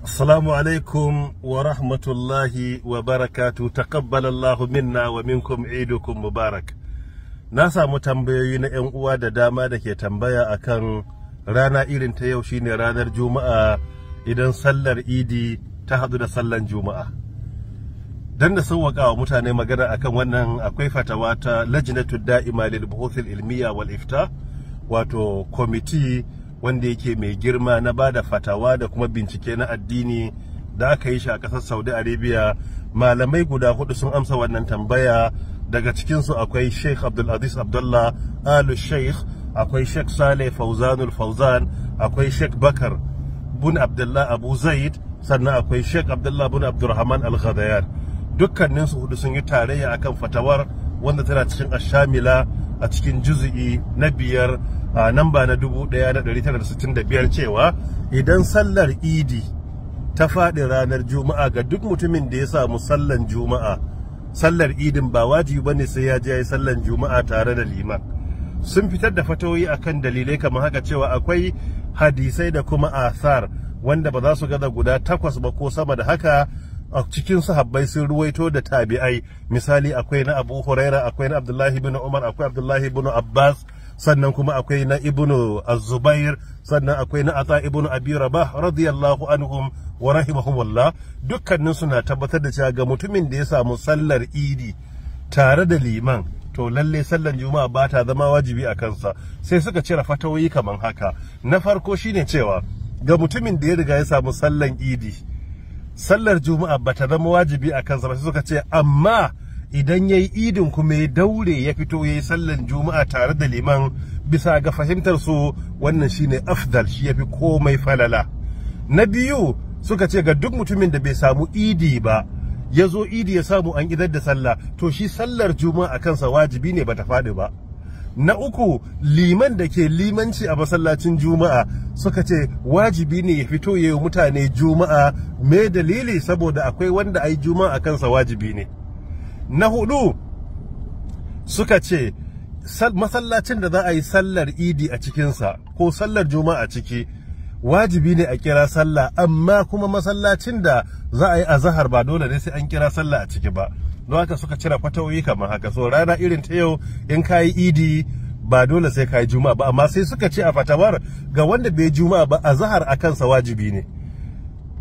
Assalamu alaikum wa rahmatullahi wa barakatu taqabbalallahu minna wa minkum idokun mubarak. Na samu tambayoyi na 'yan uwa da dama da ke tambaya akan rana irin ta yau shine ranar Juma'a idan sallar Idi ta haɗu da sallan Juma'a. Dan da sauwaka wa mutane magana akan wannan akwai fatawa ta Lajnatu Da'ima lil Buhuthil Ilmiya wal Ifta wato kwamiti wanda yake mai girma na ba da fatawa da kuma bincike na addini da aka yi shi a ƙasar saudi arabia malamai guda hudu sun amsa wannan tambaya daga cikinsu akwai sheikh abdulaziz abdullah alu sheikh akwai sheikh saleh fauzanul fauzan akwai sheikh bakar bun abdullah abu zaid sannan akwai sheikh abdullah bun abdurrahman al ghadayar dukkaninsu hudu sun yi tarayya akan fatawar wanda tana cikin ashamila a cikin juzu'i na biyar a nan ba na 1965 cewa idan sallar idi ta faɗi ranar juma'a ga duk mutumin da ya samu sallan juma'a sallar idin ba wajibi ne sai ya je ya yi sallan juma'a tare da liman sun fitar da fatoyi akan dalilai kamar haka cewa akwai hadisai da kuma athar wanda ba za su gaza guda takwas ba ko sama da haka a cikin sahabbai sun ruwaito da tabi'ai misali akwai na Abu Huraira akwai na Abdullahi bin Umar akwai Abdullahi bin Abbas sannan kuma akwai na Ibnu Az-Zubair sannan akwai na Atha ibn Abi Rabah radiyallahu anhum wa rahimahumullah dukkanin suna tabbatar da cewa ga mutumin da ya samu sallar Idi tare da liman to lalle sallar juma'a ba ta zama wajibi a kansa sai suka cire fatawoyi kaman haka na farko shine cewa ga mutumin da ya riga ya samu sallar idi sallar juma'a bata zama wajibi a kansa ba suka ce amma idan yayi idin kuma ya daure ya fito yayi sallar juma'a tare da liman bisa ga fahimtar su wannan shine afdal shi ya fi komai falala na biyu suka ce ga duk mutumin da bai samu idi ba ya zo idi ya samu an idar da sallah to shi sallar juma'a kansa wajibi ne bata faɗi ba na uku liman da ke limanci a masallacin juma'a suka ce wajibi ne ya fito ya yi mutane juma'a me dalili saboda akwai wanda ai juma'a kansa wajibi ne na hudu suka ce masallacin da za a yi sallar idi a cikinsa ko sallar juma'a ciki wajibi ne a kira sallah amma kuma masallacin da za a yi a zahar ba dole ne sai an kira sallah a ciki ba don haka suka cire fatawoyi kamar haka so rana irin ta yau in ka yi idi ba dole sai ka yi juma'a ba amma sai suka ce a fatawar ga wanda bai juma'a ba a zahar a kansa wajibi ne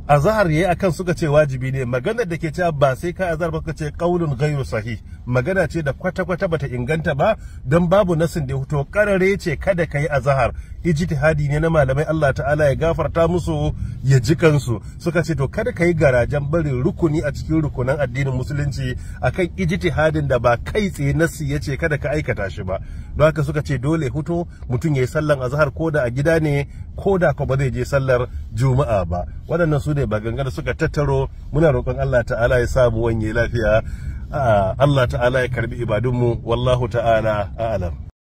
a zahar yayi a kan suka ce wajibi ne maganar da ke cewa ba sai ka azar ba ka ce qaulun ghayru sahih magana ce da kwata kwata bata inganta ba don babu nasin da to karare ce kada kai azhar ijtihadi ne na malamai Allah ta'ala ya gafarta musu ya ji kansu suka ce to kada ka yi garajen barin rukuni a cikin rukunan addinin musulunci akan ijtihadin da ba kai tsaye na ya ce kada ka aikata shi ba don haka suka ce dole hutu mutum ya yi sallan azhar da a gida ne ko ko ba zai je sallar juma'a ba waɗannan su ne da suka tattaro muna roƙon Allah ta'ala ya samu wani lafiya ah, Allah ta'ala ya karbi ibadunmu wallahu ta'ala a'lam